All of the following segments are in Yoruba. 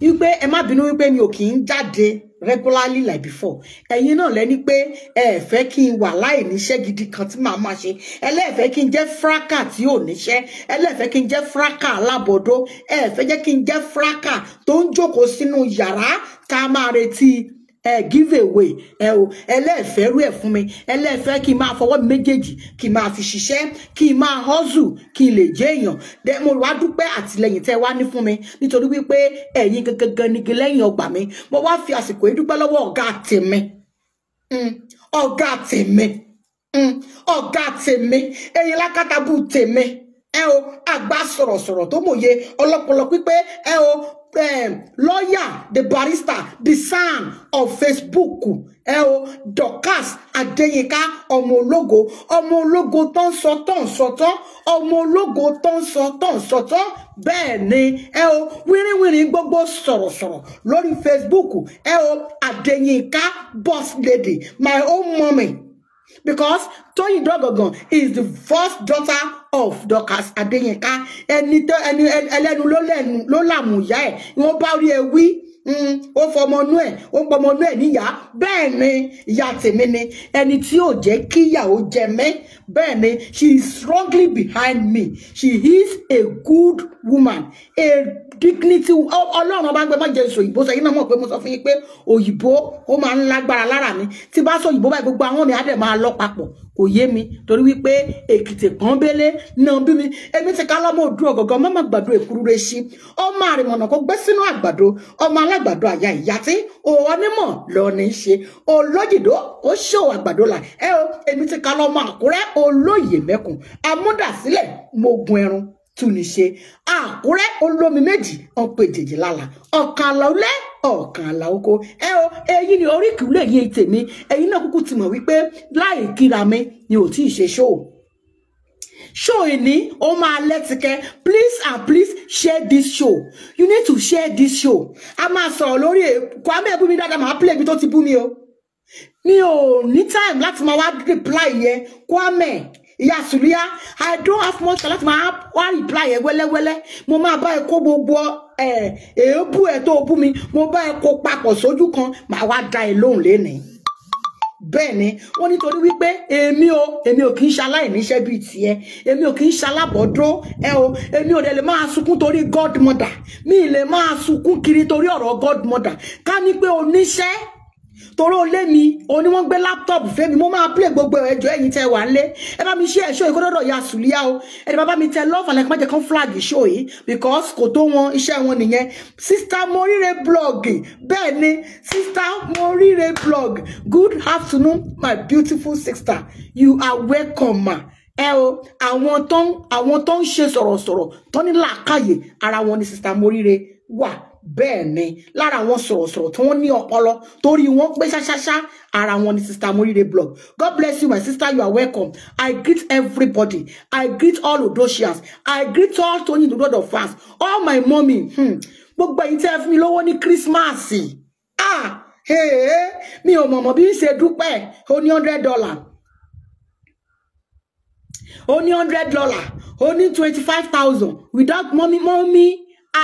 wípé ẹ má bínú wípé mi ò kì í jáde regularly like before ẹ̀yin náà lẹ́ni pé ẹ fẹ́ kí n wà láì níṣẹ́ gidi kan tí màá máa ṣe ẹlẹ́ẹ̀fẹ́ kí n jẹ́ fraka tí ò níṣẹ́ ẹlẹ́ẹ̀fẹ́ kí n jẹ́ fraka alábọ̀dọ́ ẹ fẹ́ jẹ́ kí n jẹ́ fraka tó ń jókòó sínú yàrá tá a máa retí ẹ give away ẹ o ẹlẹ́ẹ̀fẹ́ rú ẹ̀ fún mi ẹlẹ́ẹ̀fẹ́ kí n máa fọwọ́ méjèèjì kí n máa fi ṣiṣẹ́ kí n máa hustle kí n lè jẹ́ èèyàn dẹ mo wá dúpẹ́ àtìlẹyìn tẹ́ wá ní fún mi nítorí wípé ẹ̀yin gangan nigi lẹ́yìn ọgbà mi mo wá fi àsìkò yìí dúpẹ́ lọ́wọ́ ọ̀gá tèmi hmm, ọ̀gá tèmi hmm, ọ̀gá tèmi ẹ̀yin lákàtàbù tèmi ẹ o àgbà sọ̀rọ̀sọ̀rọ̀ tó mòye ọlọ́pọlọ pípé ẹ o um, lawyer the barrister the son of Facebook ẹ o Dorcas Adéyínká ọmọ ológo ọmọ ológo tó ń sọ tó ń sọ tó ọmọ ológo tó ń sọ tó ń sọ tó bẹ́ẹ̀ ni ẹ o wíríwírí gbogbo sọ̀rọ̀sọ̀rọ̀ lórí Facebook ẹ o Adéyínká boss lady my own mommy because Toyin Ido is the first daughter of Dorcas Adeyinka ẹni tó ẹni ẹlẹ́nu ló lẹ́nu ló làmù ìyá ẹ̀ wọ́n bá rí ẹ wí mm, ó fọmọnú ẹ̀ ó pọmọnú ẹ̀ níyà bẹ́ẹ̀ ni ìyá tèmi ni ẹni tí ò jẹ́ kíyàwó jẹ mẹ́ bẹ́ẹ̀ ni she is strongly behind me she is a good woman a dignity ọlọ́run bá ń gbé má jẹ èso òyìnbó sẹ́yìn náà mọ̀ pé mo sọ fún yín pé òyìnbó ó máa ń lágbára lára mi tí bá sọ òyìnbó báyìí gbogbo àwọn mi á dẹ̀ máa lọ papọ̀ kò yé mi torí wípé èkìtì pọ́nbélé náà bí mi èmi ti ká lọ́mọ òdu ọ̀gọ̀gọ̀ mọ́mọ́ gbàdo èkúrú rẹ̀ sí ọmọ àrìmọ̀nà kó gbé sínú àgbàdo ọmọ alágbàdo àyà ìyá tí onímọ̀ lọ ní ṣe olójìdó ó ṣòwò àgbàdo là ẹ o èmi ti ká lọ́mọ àkúrẹ́ olóyè mẹ́kùn amúdàsílẹ̀ mogun ẹrun tuni ṣe àkúrẹ́ olómi méjì ọ̀pọ̀ èjèèjì lálà ọ̀kan àlàólẹ́ ọ̀kan àlàóko ẹ o èyí ni orí kìlú èyí tèmi èyí náà kúkú ti mọ̀ wípé láì kíra mi ni ò tí ì ṣe ṣóò show ni o ma letike please and please share this show you need to share this show a máa sọ̀rọ̀ lórí e. Kwame bú mi dáadáa máa play mi tó ti bú mi o mi ò ní time láti máa wá reply yẹn Kwame ìyá sùlíà i don't have much time láti máa wá reply ẹ wẹ́lẹ́wẹ́lẹ́ mo máa bá ẹ kó gbogbo èébú ẹ tó bú mi mo bá ẹ kó papọ̀ sójú kan màá wá da ẹ lóhùn lénìí bẹ́ẹ̀ ni wọ́n nítorí wípé èmi o èmi ò kì í ṣaláìníṣẹ́ bíi tiẹ̀ èmi ò kì í ṣalábọ̀dọ́ ẹ o èmi ò dẹ̀ lè máa sunkún torí godmother mi ì lè máa sunkún kiri torí ọ̀rọ̀ godmother ká ní pé oníṣẹ́ torí ó lé mi òun ni wọ́n gbé láptọ̀pù fẹ́mi mo máa play gbogbo ẹ̀jọ̀ ẹ̀yin tẹ́ wà lé ẹ bá mi ṣe ẹ̀ṣọ́ yìí kó dọ́dọ̀ ya sùlíà o ẹ bá mi tẹ lọ́ọ̀fà lẹ́kọ́ jẹ́ kán flag show yìí because kò tó wọn iṣẹ́ wọn nìyẹn sista moríire blog bẹ́ẹ̀ ni sista moríire blog good afternoon my beautiful sister you are welcome ma ẹ o àwọn tó ń ṣe sọ̀rọ̀sọ̀rọ̀ tó ní làákàyè ara wọn ni sista moríire wà. Wow bẹ́ẹ̀ ni lára àwọn sọ̀rọ̀sọ̀rọ̀ tí wọ́n ní ọpọlọ torí wọ́n pé ṣáṣáṣá ara wọn ni sister morire blog god bless you my sister you are welcome i greet everybody i greet all odosians i greet all Tony the Lord of fans all my mommy hmm. gbogbo ẹ̀yin tẹ́ ẹ fún mi lówó ní christmas ah mi ò mọ̀mọ́ bí ṣe dúpẹ́ ó ní hundred dollar ó ní hundred dollar ó ní twenty five thousand without mọ́mí mọ́mí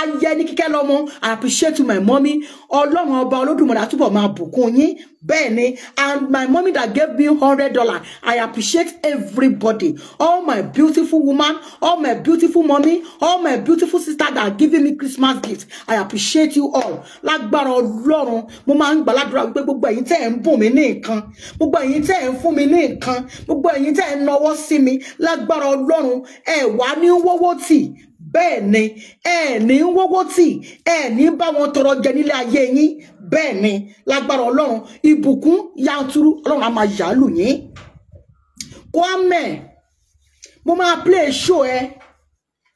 ayé ní kíkẹ́ lọ́mọ I appreciate my mommy ọlọ́run ọba olódùmarè àtúbọ̀ máa bùkún yín bẹ́ẹ̀ ni and my mommy that gave me hundred dollar I appreciate everybody all my beautiful woman all my beautiful mommy all my beautiful sister that giving me Christmas gift I appreciate you all lágbára ọlọ́run mo máa ń gbàládùra wípé gbogbo ẹ̀yin tẹ́ ẹ̀ ń bùn mí ní nǹkan gbogbo ẹ̀yin tẹ́ ẹ̀ ń fún mi ní nǹkan gbogbo ẹ̀yin tẹ́ ẹ̀ ń nawọ́ sí mi lágbára ọlọ́run ẹ̀ ní wọ́wọ́ tì bẹ́ẹ̀ ni ẹ ní ń wọ́wọ́ tì ẹ ní bá wọn tọrọ jẹ nílé ayé yín bẹ́ẹ̀ ni lágbára ọlọ́run ìbùkún yanturu ọlọ́run á máa yàálù yín Kwame mo máa play show ẹ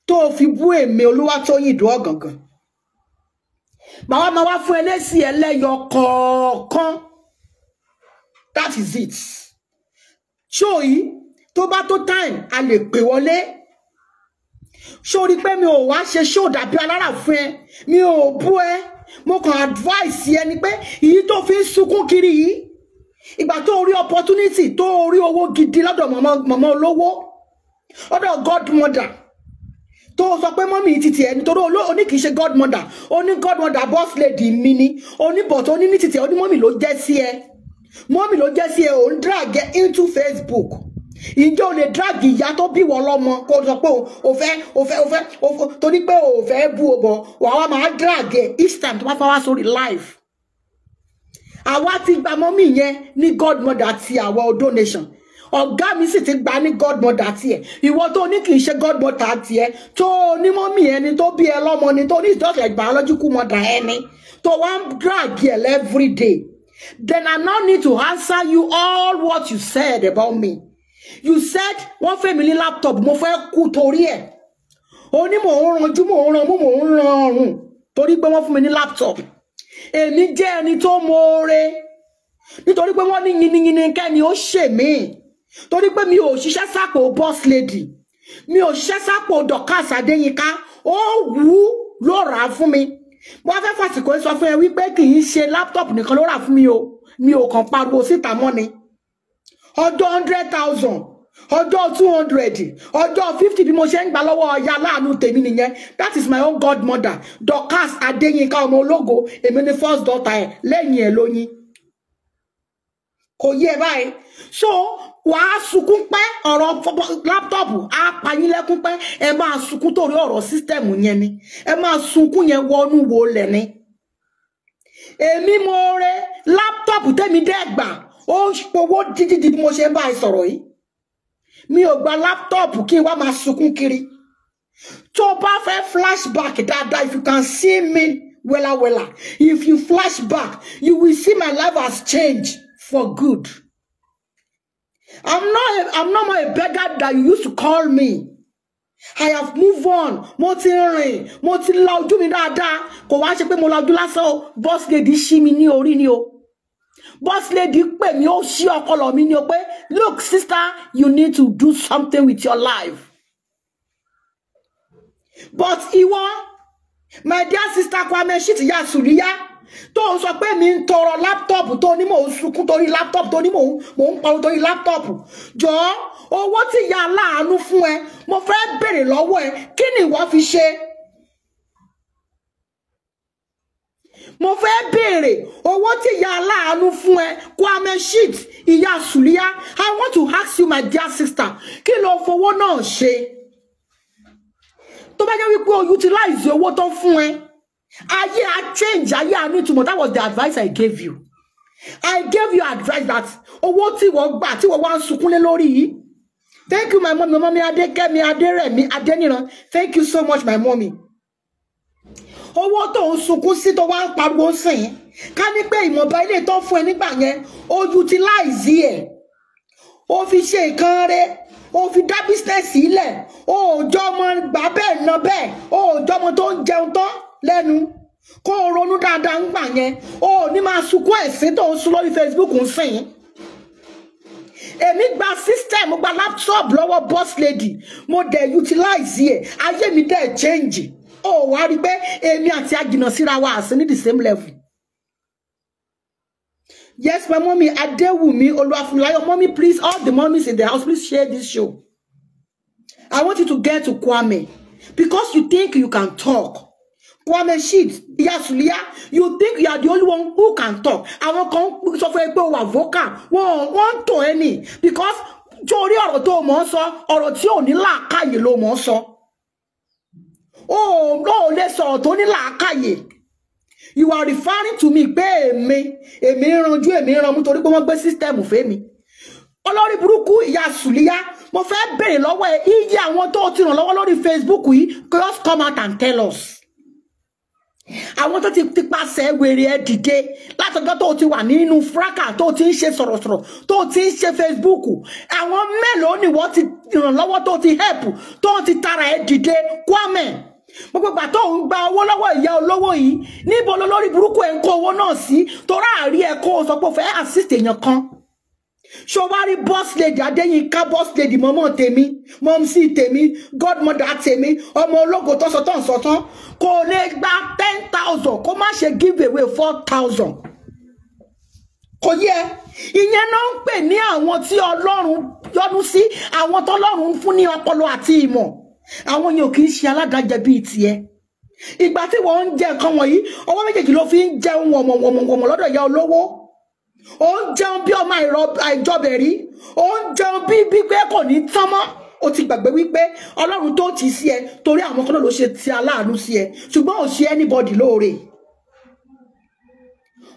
tó o fi bú èmi Olúwatóyìn Ìdó Ọ̀gàngàn màwa máa wá fún ẹlẹ́sì ẹlẹ́yọ kọ̀ọ̀kan that is it show yìí tó bá tó time a lè pè wọlé sórí pé mi ò wá ṣe ṣó dàbí alára fún ẹ mi ò bú ẹ mo kàn advice ẹ ni pé èyí tó fi ń sunkún kiri yìí ìgbà tó rí opportunity tó rí owó gidi lọ́dọ̀ mọ̀mọ́ olówó lọ́dọ̀ godmother tó sọ pé mọ́mí títì ẹni torí ó ní kì í ṣe godmother ó ní godmother boss lady mi ni oníbọ̀tọ̀ oní ní títì ẹ ó ní mọ́mí ló jẹ́ sí ẹ mọ́mí ló jẹ́ sí ẹ ò ń drag into Facebook ìjọ ò lè drag ìyá tó bí wọ lọ́mọ kó sọ pé o fẹ́ o fẹ́ o fẹ́ torí pé o fẹ́ bú o bọ̀ wàá wá máa drag ẹ̀ each time tó bá fọwọ́ sórí live àwa ti gba mọ́mí yẹn ní godmother ti àwa o donation ọ̀gá mi sì ti gba ní godmother tiẹ̀ ìwọ tó ní kì í ṣe godmother tiẹ̀ tó ní mọ́mí ẹni tó bí ẹ lọ́mọ ni tó ní ìjọsìn biological mother ẹni tó wá ń drag ẹ̀ every day then I now need to answer you all what you said about me you said one family laptop mo fẹ́ kú torí ẹ̀ oni mo mò mo ranjú mò ń ran mú mò ń ran ọrùn torí pé wọ́n fún mi ní laptop èmi jẹ́ ẹni tó mọ̀ọ́re nítorí ni wọ́n ní yinyinyi kẹ́ni ó ṣe mi torí pé mi ò ṣiṣẹ́ sápò boss lady mi o ṣiṣẹ́ sápò Dorkas Adéyínká ó wù ú ló rà mi mo fẹ́ fàsìkò sọ fún ẹ wípé kì í ṣe laptop nìkan ló rà fún mi o mi ò kàn pariwo síta mọ́ ọjọ́ hundred thousand ọjọ́ two hundred ọjọ́ fifty bí mo ṣe ń gbà lọ́wọ́ ọ̀ya láàánú tèmi nìyẹn that is my own godmother Dorcas Adéyínká ọmọ ológo èmi ni first daughter ẹ̀ lẹ́yìn ẹ̀ lóyún kò yé báyìí so wàá sunkún pẹ́ ọ̀rọ̀ láptọ̀pù á payín lẹ́kún pẹ́ ẹ máa sunkún torí ọ̀rọ̀ sísítẹ̀mù yẹn ni ẹ máa sunkún yẹn wọnú wo lẹ̀ ni èmi mo re láptọ̀pù tẹ́mi dẹ́ ó ń powó dídí di bí mo ṣe ń bá ẹ sọ̀rọ̀ yìí mi ò gba láptọ́ọ̀pù kí n wá máa sunkún kiri tó o bá flashback dáadáa if you can see me wella wella if you flashback you will see my life has changed for good i'm not a, i'm not my beggar that you used to call me i have moved on mo ti rìn mo ti la ojú mi dáadáa kò wá ṣe pé mo la ojú boss lady ṣí mi ní orí ni o boss lady pè mí ó ṣí ọpọlọ mi ni o pé look sister you need to do something with your life but ìwọ my dear sister Kwame Shitya Suriya tó ń sọ pé mi ń tọrọ láptọ̀pù tó ní mò ń sunkún torí láptọ̀pù tó ní mò ń parun torí laptop. jọ̀ọ́ owó tí ìyá aláàánú fún ẹ mo fẹ́ bèrè lọ́wọ́ ẹ kí ni ìwọ fi ṣe mo fẹ́ béèrè owó tí ìyá aláàánú fún ẹ kwame shit ìyá sùlíyá i want to ask you my dear sister kí lo fowó náà ṣe tó bá jẹ́ wípé o utilize owó tó fún ẹ ayé a change ayé àánú ìtumọ̀ that was the advice i gave you i gave you advice that owó tí wọ́n gbà tí wọ́n wá ń sunkúnlé lórí yìí Thank you, my mommy. Mommy Adekemi Aderemi Adeniran. Thank you so much, my mommy owó tó ń sunkún sí tó wá ń pariwo sìn ká ní pé ìmọ̀ba ilé tó fún ẹ nígbà yẹn ó utilize ẹ̀ ó fi ṣe nǹkan rẹ̀ ó fi dá bísínẹ́sì ilẹ̀ ó jọ ọmọ gbà bẹ́ẹ̀ ná bẹ́ẹ̀ ó jọ ọmọ tó ń jẹun tán lẹ́nu kó o ronú dáadáa ń gbà yẹn ó ní máa sunkún ẹ̀sìn tó ń sun lórí Facebook ń sìn yín èmi gba system mo gba laptop lọ́wọ́ boss lady mo dẹ̀ utilize ẹ̀ ayé mi dẹ̀ change ò wá rí pé èmi àti àjìnà síra wa àsìn ní the same level yes my mommy adéwùmí olúwàfúnláyọ̀ mommy please all the mommies in the house please share this show i want you to get to kwame because you think you can talk kwame shit yasulia you think you are the only one who can talk àwọn kan sọ fún ẹ pé o wà vocal wọn wọn ń any. because torí ọ̀rọ̀ tó o mọ̀ ń sọ ọ̀rọ̀ tí ò ní làákàyè ló Oh no! lè sọ̀rọ̀ tó ní làákàyè you are referring to me pé èmi me. ranjú èmi ranmú torí pé wọ́n gbé sísítẹ́ẹ̀mù fẹ́mi olórí burúkú ìyá sùlíyá mo fẹ́ béèrè lọ́wọ́ ẹ iye àwọn tó ti ràn lọ́wọ́ lórí Facebook yìí just come out and tell us àwọn tó ti ti pàṣẹ wèrè ẹ dìde látọjọ́ tó ti wà nínú fraka tó ti ń ṣe sọ̀rọ̀sọ̀rọ̀ tó ti ń ṣe Facebook àwọn want ni wọ́n ti ràn lọ́wọ́ tó ti help tó ti tara ẹ dìde Kwame gbogbo ìgbà tó ń gba owó lọ́wọ́ ìyá olówó yìí níbo ló lórí burúkú ẹ̀ ń kó owó náà sí torá àrí ẹ̀ kó o sọ pé o fẹ́ assist èèyàn kan ṣọwárí boss lady adéyínká boss lady mọ́mọ́ tèmi mọ́mísì tèmi godmother tèmi ọmọ ológo tó sọ kò lè gba ten thousand kó má ṣe give away four thousand kò yẹ ìyẹn náà ń pè ní àwọn tí ọlọ́run yọ́nú sí àwọn tọ́lọ́run ń fún ní ọpọlọ àti ìmọ̀ àwọn yẹn ò kì í ṣe aládàájẹ bíi tiẹ̀ ìgbà tí wọ́n ń jẹ nǹkan wọ̀nyí ọwọ́ méjèèjì ló fi ń jẹun wọ̀mọ̀wọ̀mọ̀ lọ́dọ̀ ìyá olówó ó ń jẹun bí ọmọ àìjọbẹ̀rí ó ń jẹun bí gbígbé kò ní tán mọ́ o ti gbàgbé wípé ọlọ́run tó ti sí ẹ torí àwọn kan náà ló ṣe ti aláàánú sí ẹ ṣùgbọ́n ò ṣe anybody lóore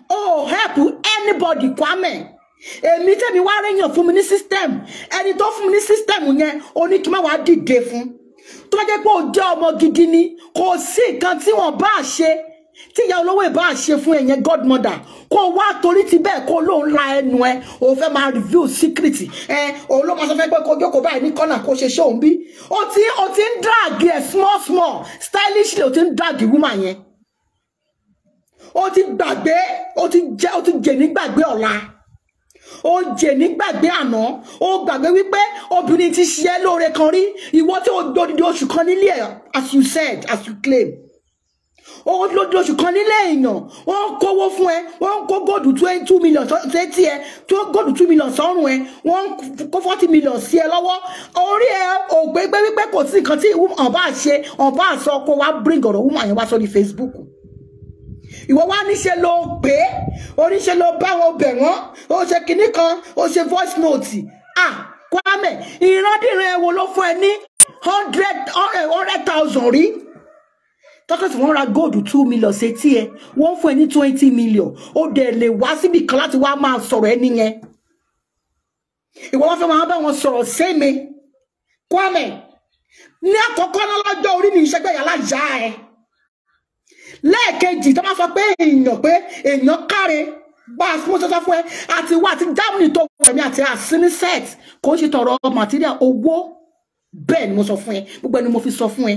o oh, help anybody kwame èmi tẹ̀mí wá rẹ̀yàn fún mi ní system ẹni tó fún mi ní system yẹn oníkímẹ́wàá dìde fún un tó bá jẹ́ pé ó jẹ́ ọmọ gidi ni kò sí nǹkan tí wọ́n bá ṣe tí ìyá olówó ìbá ṣe fún ẹ̀yẹn godmother kó wá torí ti bẹ́ẹ̀ kó lóun la ẹnu ẹ òun fẹ́ máa reveal secret ẹ òun ló máa sọ fẹ́ pé kó jókòó báyìí ní kọ́nà kó ṣe ṣóun bí o ti o ti ń drag ẹ small small stylishly o ti ń drag woman yẹn o ti gbàgbé o ti jẹ o ti jẹ ní gbàgbé ọ̀la ó jẹ nígbàgbé àná ó gbàgbé wípé obìnrin ti ṣiṣẹ́ lóore kan rí ìwọ tí ó dodidi oṣù kan nílé ẹ̀ as you said as you claim ó lódì oṣù kan nílé èèyàn wọ́n ń kówó fún ẹ wọ́n ń kó góòdù twenty two million sétí ẹ tó góòdù two million sọ́rùn ẹ wọ́n kó forty million sí ẹ lọ́wọ́ orí ẹ ò gbégbé wípé kò sí nǹkan tí ọ̀bá ṣe ọ̀bá àṣọ kó wá bring ọ̀rọ̀ wúmọ̀ yẹn wá sórí Facebook ìwọ wá níṣe ló gbé oníṣe ló bá wọn bẹ̀ wọ́n ó ṣe kinní kan ó ṣe voice note ah Kwame ìrandíran ẹ̀wò ló fún ẹ ní hundred hundred thousand rí tọ́tọ́ tí wọ́n ra góòdù two million sétí ẹ wọ́n fún ẹ ní twenty million ó dẹ̀ lè wá síbi kan láti wá máa sọ̀rọ̀ ẹni yẹn ìwọ wọn fẹ́ máa bá wọn sọ̀rọ̀ sẹ́mi Kwame ní àkọ́kọ́ náà lọ́jọ́ orí mi ìṣẹ́gbẹ́yà láyà ẹ lẹ́ẹ̀kejì tó máa sọ pé èèyàn pé èèyàn káre bá a fún sọ́sọ́ fún ẹ àti wá àti germany tó wẹ̀mí àti àsíní set kò ń ṣe tọrọ material owó bẹ́ẹ̀ ni mo sọ fún ẹ gbogbo ẹni mo fi sọ fún ẹ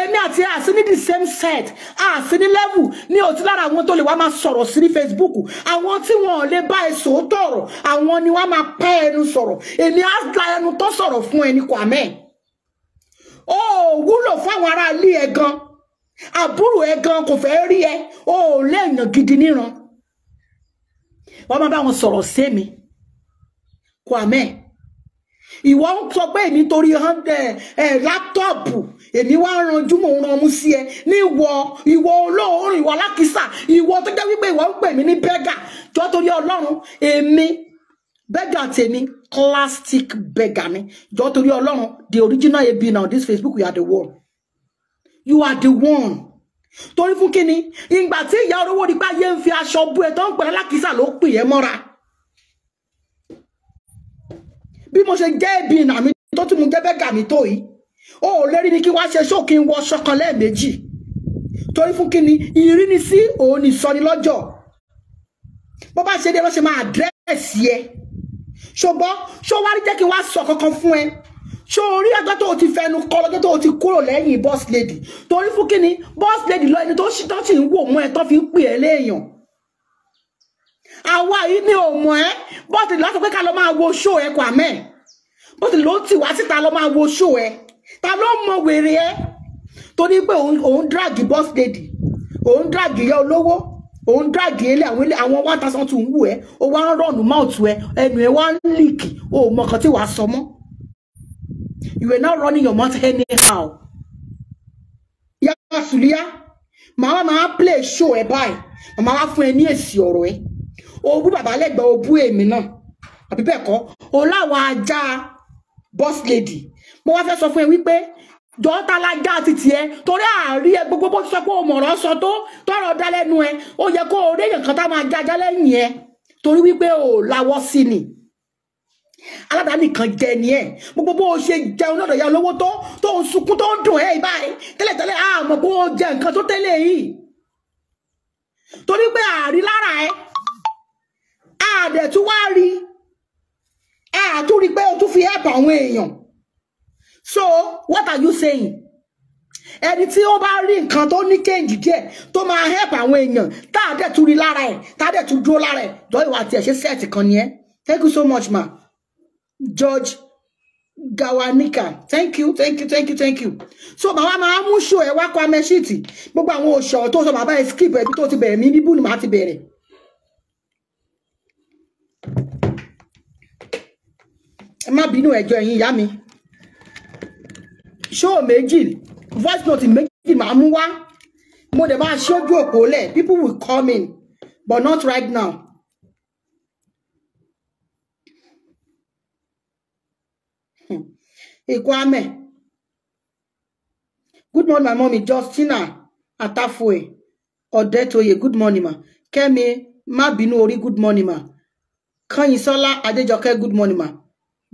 èmi àti àsíní the same set àsíní level ní òtí lára àwọn tó lè wá máa sọ̀rọ̀ sí ní facebook àwọn tí wọn ò lè bá èso tọ̀rọ̀ àwọn ni wọ́n máa pẹ́ ẹnu sọ̀rọ̀ èmi á la ẹnu tó sọ̀rọ̀ fún ẹni Kwame ó wúlò fáwọn aráalé ẹ gan àbúrò ẹ gan kò fẹ́ rí ẹ ó lẹ́yìn gidi níran wọ́n máa bá wọn sọ̀rọ̀ sí mi Kwame ìwọ ń sọ pé èmi torí láptọ́ọ̀pù èmi wá ń ranjú mò ń ranmú sí ẹ ní ìwọ ìwọ olóòórùn ìwọ alákìsà ìwọ tó jẹ́ wípé ìwọ ń pè mí ní bẹ́gà tó torí ọlọ́run èmi bẹ́gà tèmi plastic beggar ni jọ torí ọlọ́run the original ab now this facebook you are the one you are the one Tori fún kíni ìgbà tí ìyá olówó rí bá yé ń fi aṣọ bú ẹ tó ń pẹ̀lẹ́ lákìsà ló pè é mọ́ra bí mo ṣe jẹ́ ab now mi tó tún mo jẹ́ bẹ́gà mi tó yìí o ò lérí ni kí wá ṣe ṣó kí n wọ ṣọkan lẹ́ẹ̀mejì torí fún kíni ìrínisí òun ìsọnilọ́jọ́ bó bá ṣe dé lọ́ṣẹ̀ máa àdírẹ́sì ẹ ṣùgbọ́n ṣó wá rí jẹ́ kí n wá sọ kankan fún ẹ ṣó orí ọjọ́ tó o ti fẹnu kọ́ lọ́jọ́ tó o ti kúrò lẹ́yìn boss lady torí fún kíni boss lady lọ ẹni tó ṣì tó ṣì ń wò mọ́ ẹ tó fi ń pè ẹ́ léèyàn àwa yìí ni ò mọ̀ ẹ́ bọ́ọ̀tì láti pé ká lọ máa wo ṣó ẹ kọ àmẹ́ bọ́ọ̀tì ló ti wá síta lọ máa wo ṣó ẹ ta ló mọ wèrè ẹ torí pé òun drag boss lady òun drag ìyá olówó òun drag ilé àwọn ilé àwọn one thousand two ń wù ẹ́ ó wá ń rọ̀nù mouth ẹ ẹnu ẹ wá ń leak o ò mọ nǹkan tí wàá sọ mọ́ you were not running your mouth anyhow yàrá sùlíyà màá máa play show ẹ báyìí màá wá fún ẹ ní èsì ọ̀rọ̀ ẹ o bú bàbá lẹ́gbẹ̀ẹ́ o bú èmi náà àbí bẹ́ẹ̀ kọ́ o láwọn ajá boss lady mo wá fẹ́ sọ fún ẹ wípé dọ́ta la já títí ẹ torí àárí ẹ gbogbo bó ti sọ pé o mọ̀ràn sọ tó tọrọ dá lẹ́nu ẹ ó yẹ kó o réyàn kan tá máa jájá lẹ́yìn ẹ torí wípé o lawọ́ sí ni aládàánìkan jẹ ni ẹ gbogbo bó o ṣe jẹun lọ́dọ̀ ya lówó tó tó o sunkún tó ń dùn ẹ ìbáyìí tẹ́lẹ̀tẹ́lẹ̀ àmọ́ bó o jẹ nǹkan tó tẹ́lẹ̀ yìí torí pé àárí lára ẹ àdẹ̀tú wá rí ẹ àtúrí pé o tún fi ẹ̀pọ̀ àwọn èèyàn so what are you saying ẹni tí ó bá rí nǹkan tó ní kéǹjì díẹ̀ tó máa help àwọn èèyàn tá a dẹ̀ tún rí lára ẹ̀ tá a dẹ̀ tún dúró lára ẹ̀ jọ ìwà tiẹ̀ ṣe set kan ni ẹ́ thank you so much ma George gawanika thank you thank you thank you thank you so bàbá máa mú ṣó ẹ wá kó amẹṣíìtì gbogbo àwọn òṣọ tó sọ bàbá ẹ skip ẹbí tó ti bẹ̀rẹ̀ mí bíbù ni màá ti bẹ̀rẹ̀. ẹ má bínú ẹjọ́ ẹ̀yin ìyá mi show méjì voice note méjì máa mú wá mo dẹ̀ máa ṣojú òpó lẹ̀ people will come in but not right now. Ikwame. Hmm. Good morning, my mommy. Justina Atafoe. Odetoye. Good morning, ma. Kemi Mabinu Ori. Good morning, ma. Kanyisola Adejoke. Good morning, ma.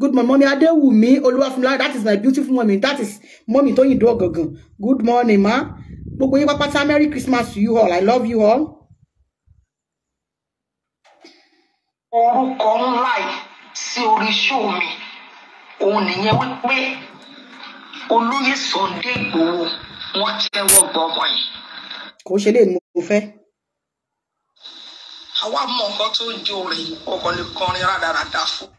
Good morning, mommy. Adewumi Oluwafunla. That is my beautiful mommy. That is mommy Toyindo Gangan. Good morning, ma. Gbogbo yín pátá Merry Christmas to you all. I love you all. Orúkọ ńlá sí orí ṣóò mi, òun nìyẹn wípé olóyè Sunday Igboho wọ́n kẹ́wọ́ gbọ́mọ yìí. Kò ṣe lè mú un fẹ́. Àwa mọ̀ nǹkan tó ń jó rẹ̀ ọkọ̀ lè kọrin rádaràda fún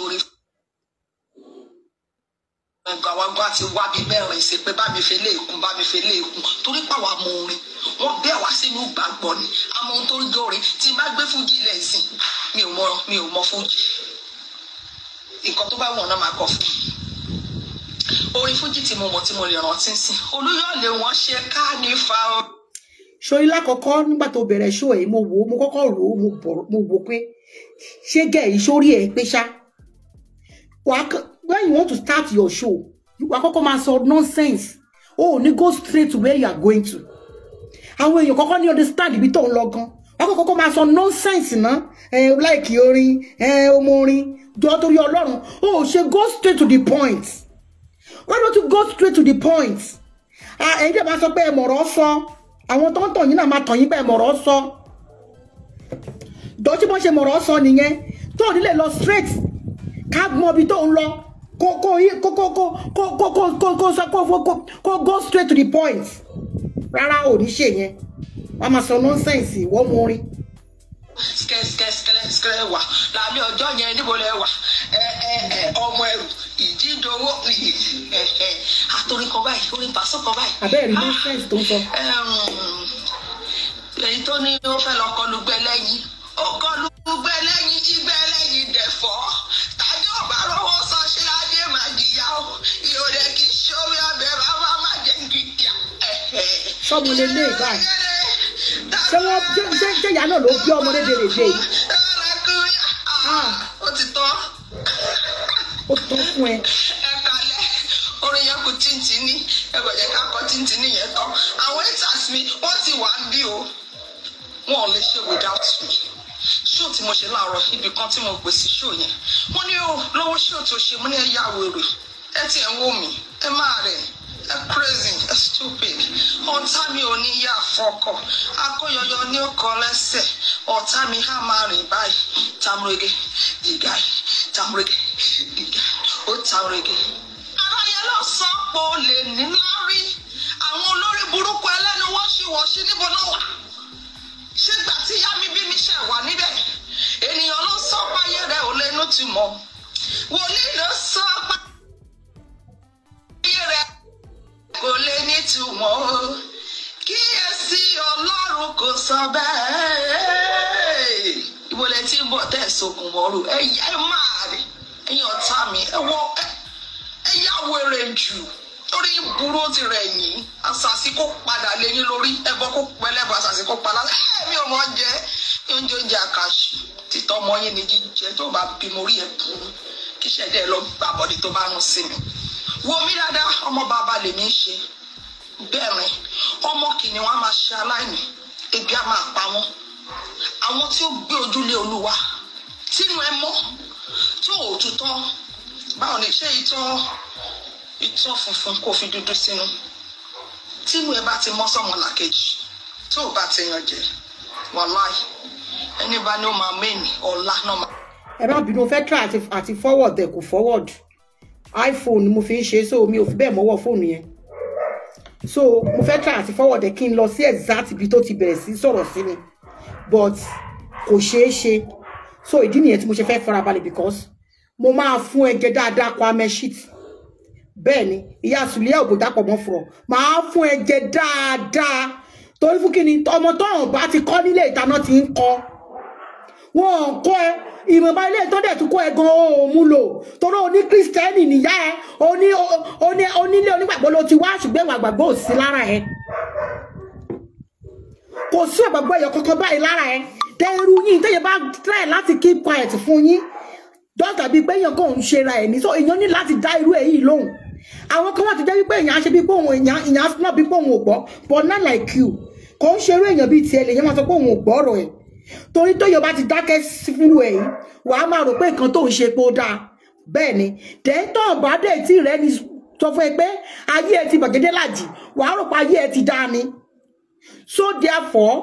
oríṣiríṣi orí ọ̀gáwágbá ti wá bíi mẹ́rin ṣe pé bá mi fi léèkún bá mi fi léèkún torí pàwọ́ àmọ́ orin wọ́n wá sínú ìgbàgbọ́ ni àmọ́ tó ń jẹ́ tí n bá gbé fújì ilẹ̀ mi ò mọ mi ò mọ fújì nǹkan tó bá wù ọ̀nà máa kọ fún mi orin fújì tí mo mọ̀ tí mo lè rántí sí olúyọ̀lé wọn ṣe ká fa sori lákọ̀ọ́kọ́ nígbà tó bẹ̀rẹ̀ ṣó ẹ̀ mo wò ó mo kọ́kọ́ rò ó mo wò pé ṣé gẹ̀ ìṣórí ẹ̀ pé ṣá when you want to start your show wà kọ́kọ́ máa sọ nonsense Oh, ò go straight to where you are going to And when you kọ́kọ́ ní understand ibi tó ń lọ gan wà kọ́kọ́ máa sọ nonsense ná láìkí orin ọmọ orin jọ torí ọlọ́run o ò ṣe go straight to the point why don't you go straight to the point ẹ̀yin dẹ̀ máa sọ pé ẹ̀mọ̀rọ̀ sọ àwọn tó ń tàn yín náà máa tàn yín pé ẹ̀mọ̀rọ̀ sọ dọ́jú bọ́n ṣe mọ̀rọ̀ sọ nìyẹn tó ò ní lọ straight ká mọ ibi tó ń lọ kó kó kó kó kó kó kó kó kó sọ kó kó kó go straight to the point rárá ò ní ṣe yẹn wọ́n máa sọ nonsense wọ́n mú rí. sikẹsikẹsikẹlẹ wà lábẹ́ ọjọ́ yẹn níbo lẹ wà ọmọ ẹrù ìdídowó àtòrí báyìí orin pàṣẹ báyìí. abẹ́rẹ́ nonsense tó ń sọ. èyí tó ní ó fẹ́ lọ kọlu gbẹlẹ́yìn ó kọlu gbẹlẹ́yìn igbẹlẹ́yìn dẹ̀fọ́. tọ́mọ lè lé ìbáyìí ṣé wọ́n ṣé ṣé ìyá náà ló bí ọmọ léde lè dé yìí. ó ti fún ẹ. ẹ ẹ kò jẹ́ ká kọ tíntì yẹn tán àwọn haters mi wọ́n ti wà bí o wọn ò lè ṣe without me ṣó tí mo ṣe láàárọ̀ ibì kan tí mo pèsè ṣó yẹn wọ́n ní lọ́wọ́ ṣó tó ṣe mo ní ẹ wèrè ẹ tiẹ̀ ń wò mí ẹ máa rẹ̀ ẹ crazy ẹ stupid ọ̀tá mi ò ní yá fọkọ̀ akóyọyọ ní ọkọ̀ lẹ́sẹ̀ ọ̀tá mi á máa rìn báyìí tamurege dìgà tamurege dìgà ó tamurege. aráyé ló sọ pé o lè ní lárí àwọn olórí burúkú ẹlẹ́nu wọ́ṣíwọ́ṣí níbo náà wà ṣígbà tí yá mi bí mi ṣe wà níbẹ̀ ènìyàn ló sọ páyé rẹ̀ ò lẹ́nu tì mọ́ wòlíì ló sọ páyé. kò lè nítumọ̀ o kíyèsí ọlọ́run kò sọ bẹ́ẹ̀ ìbòlẹ̀ tí ń bọ̀ tẹ̀ sókun mọ́rù ẹ máa rí ẹ̀yin ọ̀tá mi ẹ wọ ẹ yá wẹrẹ jù lórí burú ti rẹ̀ yìí àṣàṣì kó padà lẹ́yìn lórí ẹbọ kó pẹlẹ́bọ àṣàṣì kó padà ẹ mi ò jẹ mi ò ń jẹ oúnjẹ àkàṣì títọ́ ọmọ yín ni jíjẹ tó bá bímọ orí ẹ̀ burú kíṣẹ̀dẹ̀ lọ gbàbọ̀dé tó bá ń sinmi wo mi dáadáa ọmọ bàbá lèmi ń ṣe bẹ́ẹ̀rin ọmọ kìnìún a máa ṣe aláìní ebi a máa pa wọn àwọn tí ó gbé ojúlé olúwa tínú ẹ mọ́ tí òòtú tán báwo ni ṣé ìtọ́ ìtọ́ funfun kò fi dúdú sínú tínú ẹ bá ti mọ́ sọ́mọ làkejì tí ò bá ti yàn jẹ wàláì ẹni bá ní ó máa mẹ́ni ọ̀la náà máa. ẹ bá bínú fẹ́ try àti forward ẹ kò forward iphone mo fi ń ṣe so mi ò fi bẹ́ẹ̀ mọ́wọ́ fóònù yẹn so mo fẹ́ try àti forward kí n lọ sí exact ibi tó ti bẹ̀rẹ̀ sí sọ̀rọ̀ sí ni but kò ṣeé ṣe so ìdí nìyẹn tí mo ṣe fẹ́ farabalẹ̀ because mo máa fún ẹ jẹ dáadáa Kwame shit bẹ́ẹ̀ ni ìyá sùlẹ̀ ògùndàpọ̀ mọ́ fúrọ̀ máa fún ẹ jẹ dáadáa torí fún kí ni ọmọ tó ọ̀hún bá ti kọ́ nílé ìtaná ti ń kọ́ wọn ò kọ́ ẹ ìmọ̀ba ilé tó dẹ̀ tún kọ́ ẹ gan o mú lò torí o ní kírísítẹ́nì nìyá ẹ o ní onílé onígbàgbọ́ ló ti wá ṣùgbọ́n ìwà àgbàgbọ́ ò sí lára ẹ kò sí ìgbàgbọ́ ẹ̀yọ̀ kankan báyìí lára ẹ tẹ́rù yín tẹ́yẹ bá try láti keep quiet fún yín dọ́tà bíi pé èèyàn kò ń ṣe ra ẹ̀ ní so èèyàn ní láti dá irú èyí lóhùn àwọn kan wà tó jẹ́ wípé èèyàn á ṣe bíi pé òun èèyàn èèyàn á náà bíi pé òun ò gbọ́ but not like you kò ń ṣerú èèyàn bíi tiẹ̀ lè yẹn máa sọ pé òun ò gbọ́ ọ̀rọ̀ ẹ̀ torí tó yọba ti dákẹ́ fún ẹ̀ yìí wàá máa rò pé nǹkan tó ń ṣe pé ó dáa bẹ́ẹ̀ ni tẹ́tọ̀ bá dẹ̀ tí rẹ ni sọ fún ẹ pé ayé ẹ ti bàjẹ́dẹ́ làjì wàá rò pé ayé ẹ ti dáa ni so therefore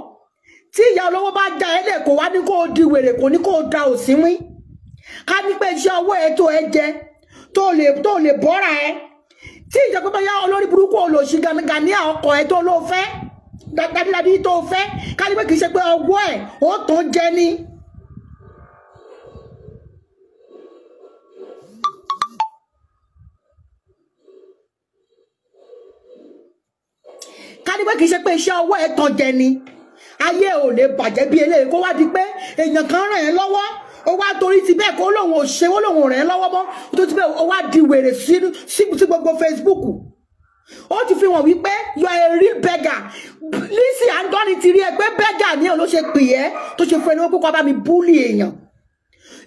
tí ìyá olówó bá já ẹ lẹ́kọ̀ọ́ wá ní kó o di wèrè kò ní kó o da òsínwín ká ní pé iṣẹ́ ọwọ́ ẹ tó ẹ to tó lè tó lè bọ́ra ẹ tí ìjọba bá yá olórí burúkú olóṣì ganigani ọkọ̀ ẹ tó ló fẹ́ dájúdájú tó fẹ́ ká ní pé kì í ṣe pé ọwọ́ ẹ̀ ó tó jẹ ni. ká ní pé kì í ṣe pé iṣẹ́ ọwọ́ ẹ̀ tán jẹ ni ayé ò lè bàjẹ́ bí eléyìí kó wá di pé èèyàn kan ràn ẹ́ lọ́wọ́ ó wá torí ti bẹ́ẹ̀ kó lóun ò ṣe ó lóun ràn ẹ́ lọ́wọ́ mọ́ tó ti bẹ́ẹ̀ ó wá di wèrè sí gbogbo Facebook ó ti fi hàn wípé you are a real beggar Lizzy Anjorin ti rí ẹ pé beggar ni òun ló ṣe pè ẹ́ tó ṣe fún ẹ lówó kókó bá mi búlì èèyàn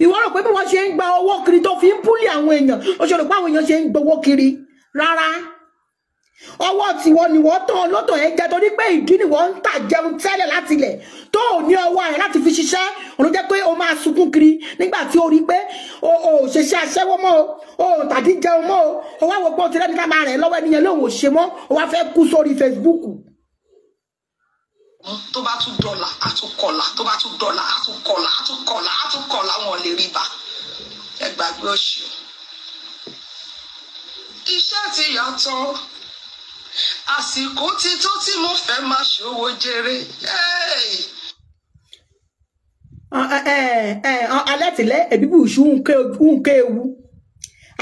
ìwọ rò pé bí wọ́n ṣe ń gba owó kiri tó fi ń búlì àwọn èèyàn ó ṣe rò pé àwọn èèyàn ṣe ń gbowó kiri rárá ọwọ́ tiwọn ni wọ́n tán lọ́tọ̀ yẹn jẹ torí pé ìdí ni wọ́n ń tà jẹun tẹ́lẹ̀ láti ilẹ̀ tó ò ní ọwọ́ rẹ̀ láti fi ṣiṣẹ́ òun ló jẹ́ pé o máa sunkún kiri nígbà tí o rí pé o ò ṣeṣẹ́ aṣẹ́wó mọ́ o ò tàbí jẹun mọ́ o wá wo pé o ti rẹ́ni ká máa rẹ̀ lọ́wọ́ ẹniyẹn lóun ò ṣe mọ́ o wá fẹ́ kú sórí Facebook. tó bá tún dọ́là á tún kọ̀là tó bá tún dọ́là á tún kọ̀là á tún kọ̀là á tún kọ̀là wọn lè rí bá ẹgbàgbé òṣù iṣẹ́ ti yàtọ̀ àsìkò ti tó tí mo fẹ́ máa ṣòwò jèrè. alẹ́ tìlẹ́ ẹ̀bíbù iṣu nǹkan ewu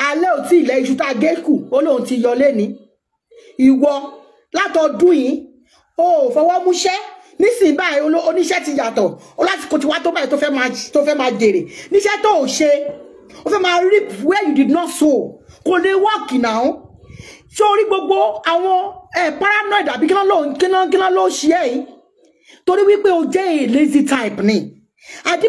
alẹ́ òtí ilẹ̀ iṣu tá a gé kù ó lóun ti yọ lẹ́ni ìwọ látọdún yìí o ò fọwọ́ múṣẹ́ nísìnyí báyìí oníṣẹ́ ti yàtọ̀ ó láti kò ti wá tó báyìí tó fẹ́ máa jèrè níṣẹ́ tó ò ṣe ó fẹ́ máa rip where you did not sow kò lè work now sórí gbogbo àwọn ẹ eh, paranoid àbí kí ló ló kí ló kí ló ló ṣe ẹ yìí torí wípé o jẹ́ lazy type ni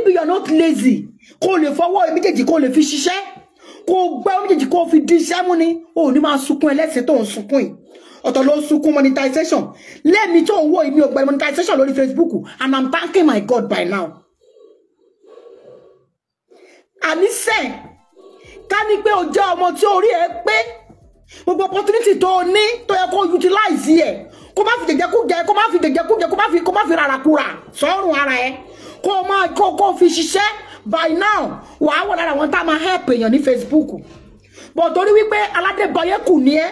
you are not lazy kó o lè fọwọ́ méjèèjì kó o lè fi ṣiṣẹ́ kó o gbá méjèèjì kó o fi di iṣẹ́ mú ni o ò ní máa sunkún ẹlẹ́sìn tó ń sunkún yìí ọ̀tọ̀ ló ń sunkún monetization lẹ́ẹ̀mí tó ń wọ èmi ò gba monetization lórí Facebook and I'm thanking my God by now. àníṣe ká ní pé o jẹ́ ọmọ tí orí ẹ pé gbogbo opportunity tó o ní tó yẹ kó o utilize yẹ kó má fi jẹjẹ kú jẹ kó má fi jẹjẹ kú jẹ kó má fi kó má fi rárá kúra sọ́run ara ẹ kó o máa kó o kó o fi ṣiṣẹ́ by now wàá wọ̀ lára àwọn tá a máa help èèyàn ní Facebook bọ̀ torí wípé aládébọyé kù ní ẹ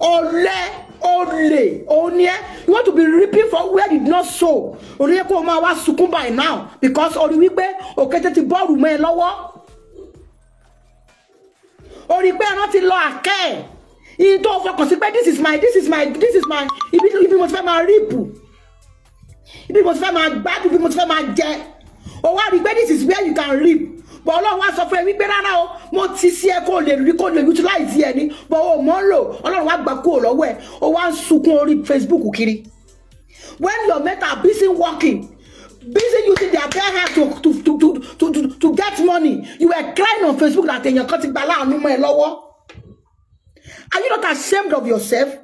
ọ̀lẹ olè òní ẹ you want to be reaping for where you did not sow orí ẹ kó o máa wá sunkún by now because orí wípé òkété ti bọ́ọ̀lù mọ́ ẹ lọ́wọ́ orí pé ẹran ti lọ àkẹ́ ẹ̀. He tó fọkàn sí pé this is my this is my this is my ibi ibi mo ti fẹ́ máa ríìpù ibi mo ti fẹ́ máa gbádùn ibi mo ti fẹ́ máa jẹ o wá rí i this is where you can rip. but ọlọ́run wá sọ fún ẹ wípé rárá o mo ti sí ẹ kó lè rí kó lè utilize ẹ ní but o mọ̀ ń lò ọlọ́run wá gbà kúrò lọ́wọ́ ẹ o wá ń sunkún orí Facebook kiri when your mate busy working busy using their bare hands to to to to to to get money you were crying on Facebook that èèyàn kan ti gbà láàánú mọ́ ẹ lọ́wọ́ are you not ashamed of yourself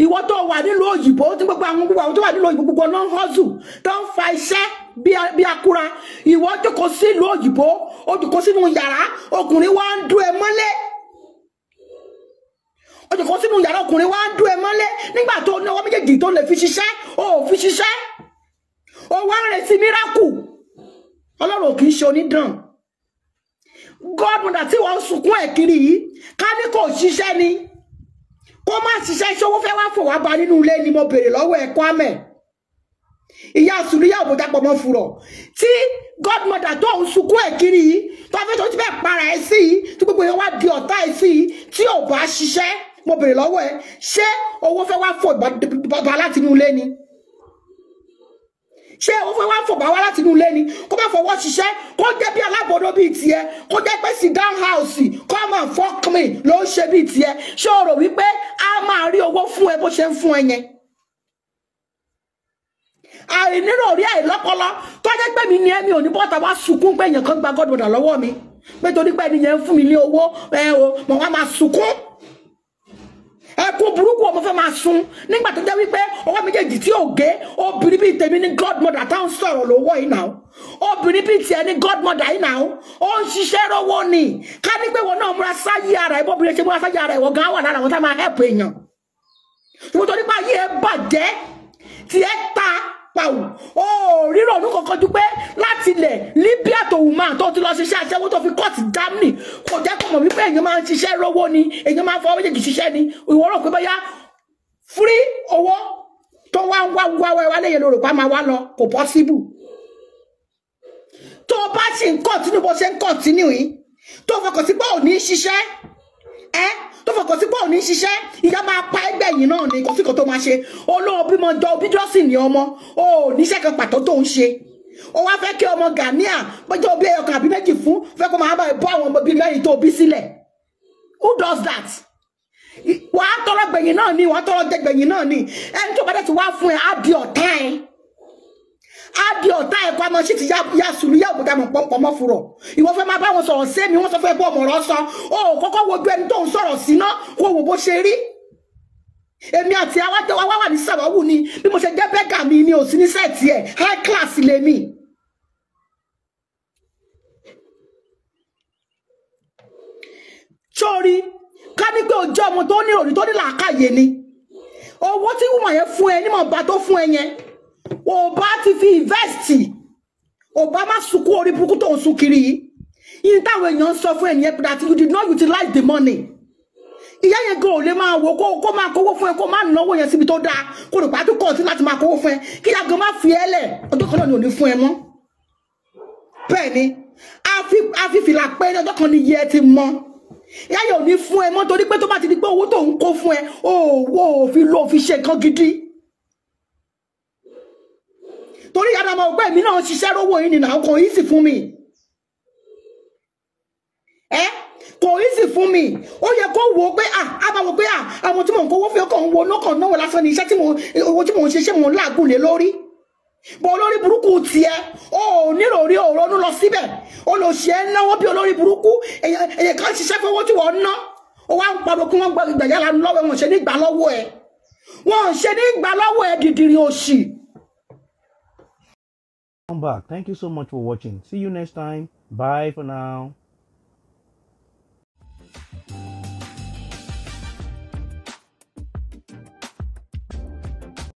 ìwọ tó wà nílùú òyìnbó tí gbogbo àwọn gbogbo àwọn tó wà nílùú òyìnbó gbogbo ló ń hustle tó ń fa iṣẹ́ bí akura to ìwọ jókòó sílùú òyìnbó ó jókòó sínú yàrá ọkùnrin wa ń dún ẹ mọ́lẹ̀ ó jókòó sínú yàrá ọkùnrin wa ń dún ẹ mọ́lẹ̀ nígbà tó náwó méjèèjì tó lè fi ṣiṣẹ́ ó fi ṣiṣẹ́ ó wá ń retí miracle ọlọ́run ò kì í ṣe onídàn gọ́ọ̀dùnà tí wọ́n ń sunkún ẹ̀ kiri yìí ká ní kò ṣiṣẹ́ ni kó má ṣiṣẹ́ ṣé owó fẹ́ wá fò wá ba nínú ilé ni mo béèrè lọ́wọ́ ẹ̀ Kwame ìyá sùnúyà òbòjà pọ̀mọ́ furọ̀ tí godmother tó ń sunkún ẹ̀ kiri yìí tó fẹ́ tó ti bẹ́ẹ̀ para ẹ̀ sí yìí tí gbogbo yẹn wá di ọ̀tá ẹ̀ sí yìí tí ò bá ṣiṣẹ́ mo béèrè lọ́wọ́ ẹ̀ ṣé owó fẹ́ wá fò bá láti inú ilé ni ṣé o fẹ́ wá fọ̀bà wá láti inú ilé ni kó má fọwọ́ ṣiṣẹ́ kó jẹ́ bí alábọ̀dọ̀ bíi tiẹ̀ kó jẹ́ pé sit down house come and fuck me ló ń ṣe bíi tiẹ̀ ṣé o rò wípé a máa rí owó fún ẹ bó ṣe ń fún ẹ yẹn àìnírò rí àìlọ́pọlọ tó jẹ́ pé mi ni ẹ̀mí ò ní bọ́ta wá sunkún pé èèyàn kan gba gọ́dọ̀dà lọ́wọ́ mi pé torí pé ẹni yẹn ń fún mi ní owó ẹ o mọ̀ wá máa sunkún ẹkún burúkú ọmọ fẹ́ máa sun nígbà tó jẹ́ wípé ọwọ́ méjèèjì tí ò gé obìnrin bíi tèmi ní godmother táwọn sọ̀rọ̀ lọ́wọ́ yìí náà obìnrin bíi tiẹ̀ ní godmother yìí náà ó ń ṣiṣẹ́ rọ́wọ́ ni ká ní pé wọn náà múra sáyé ara ẹ̀ bọ́bìnrin ṣe múra sáyé ara ẹ̀ wọ́n gan wà lára àwọn tá máa help èèyàn ṣùgbọ́n torí pé ayé ẹ bàjẹ́ tiẹ̀ ta pàù ó ríro ọdún kankan dúpẹ́ láti ilẹ̀ Libya tó wù máa tó ti lọ ṣiṣẹ́ aṣẹ́wó tó fi kọ́ọ̀tì Germany kò jẹ́ kó mọ̀ wípé èèyàn máa ń ṣiṣẹ́ rówó ni èèyàn máa ń fọwọ́ méjèèjì ṣiṣẹ́ ni ìwọ rò pé bóyá fúrí owó tó wá ń wá wá wá wá lẹ́yìn lórí pa máa wá lọ kò pọ́síbù tó bá ṣì ń kọ̀tínú bó ṣe ń kọ̀tínú yìí tó fọkàn sí pé ò ní ṣiṣẹ́ ẹ tó fọkàn sí pé òní ṣiṣẹ́ ìyá máa pa ẹgbẹ́ yìí náà ní kọ́síkọ́ tó máa ṣe olóhùn bímọ jọ obídọ́sì ní ọmọ o níṣẹ́ kan pàtó tó ń ṣe o wá fẹ́ kí ọmọ Gàníà pẹ́jọ́ bí ẹyọkàn àbí méjì fún fẹ́ kó máa bọ́ àwọn ọmọ bíi mẹ́rin tó bí sílẹ̀ who does that wàá tọrọ gbẹ̀yìn náà ni wàá tọrọ jẹ gbẹ̀yìn náà ni ẹni tó bá dẹ̀ ti wá fún ẹ á di ọ̀tá ẹ á di ọ̀tá ẹ̀kọ́ àmọ́ sí ti yá sùúrù yá òkúta mọ̀ pọ̀ mọ́ furọ̀ ìwọ fẹ́ máa bá wọn sọ̀rọ̀ sí èmi wọ́n sọ fẹ́ bọ́ ọmọ rọ sọ o kọ́kọ́ wojú ẹni tó ń sọ̀rọ̀ sí ná kó wò bó ṣe rí èmi àti awájọ wa wà ní sàwọ́wù ni bí mo ṣe jẹ́ bẹ́gà mi ni ò sí ní sẹ́ẹ̀tì ẹ̀ high class lèmi. sórí ká ní pé ojú ọmọ tó ní òrí tó ní làákàyè ni owó tí wùmọ̀ yẹn fún ẹ nímọ̀ bá tó fún ẹ yẹn ò bá ti fi invest ò bá má sunkún orí burúkú tó ń sun kiri yìí yìí táwọn èèyàn ń sọ fún ẹ̀yìn that you did not utilize the money ìyá yẹn gan ò lè máa wò kó kó máa kówó fún ẹ kó máa náwó yẹn síbi tó dáa kó lè pàtó kọ̀ sí láti máa kówó fún ẹ kí ìyá gan má fi ẹ lẹ̀ ọjọ́ kan náà ni ò ní fún ẹ mọ́ bẹ́ẹ̀ ni àfìfìlà pé ọjọ́ kan ni iye ẹ ti mọ́ ìyá yẹn ò ní fún ẹ mọ́ torí pé tó bá ti di pé owó tó ń kó fún ẹ òwò òfin ló fi ṣe nǹkan gidi torí adama ọgbẹ́ mi náà ṣiṣẹ́ rówó yìí nìyà kò yí sì fún mi ẹ kò yí sì fún mi ó yẹ kó wo pé à á bá wo pé à àwọn tí mò ń kówó fi ọkàn wo lọ́kàn náà lásán ní iṣẹ́ tí mò owó tí mò ń ṣe ṣé mò ń làágùn lé lórí bọ́ olórí burúkú tiẹ̀ o ò nílò rí òrónú lọ síbẹ̀ olóṣìẹ́ náwó bí olórí burúkú èyàn kan ṣiṣẹ́ fowó tí wọ́n ná ó wá ń pariwo kí wọ́n gbàgbà yàrá lọ́wọ́ wọn ṣe ní gbà lọ́wọ́ ẹ̀ wọ́n ṣe ní gbà lọ́wọ́ ẹ̀ dìdìrì òṣì. back. Thank you so much for watching. See you next time. Bye for now.